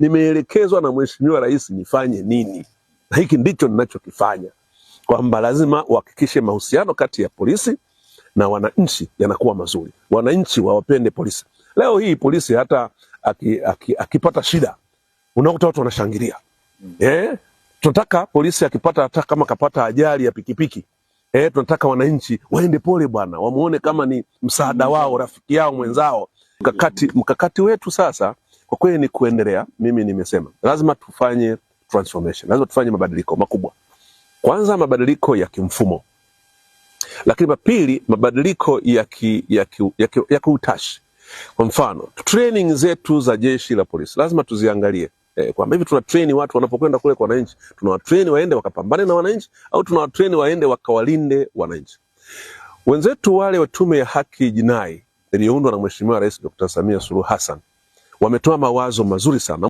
nimeelekezwa na Mheshimiwa Rais nifanye nini, na hiki ndicho ninachokifanya, kwamba lazima uhakikishe mahusiano kati ya polisi na wananchi yanakuwa mazuri, wananchi wawapende polisi. Leo hii polisi hata akipata aki, aki shida unakuta watu wanashangilia mm. Eh, tunataka polisi akipata hata kama kapata ajali ya pikipiki eh, tunataka wananchi waende pole bwana, wamuone kama ni msaada wao, rafiki yao, mwenzao. Mkakati, mkakati wetu sasa kwa kweli ni kuendelea, mimi nimesema lazima tufanye transformation, lazima tufanye mabadiliko makubwa. Kwanza mabadiliko ya kimfumo, lakini pili mabadiliko ya ki, ya ki, ya ki, ya kiutashi. Kwa mfano training zetu za jeshi la polisi lazima tuziangalie eh, kwamba hivi tuna train watu wanapokwenda kule kwa wananchi, tunawatrain waende wakapambane na wananchi au tunawatrain waende wakawalinde wananchi wenzetu wale wa Tume ya Haki Jinai iliyoundwa na Mheshimiwa Rais Dr. Samia Suluhu Hassan wametoa mawazo mazuri sana.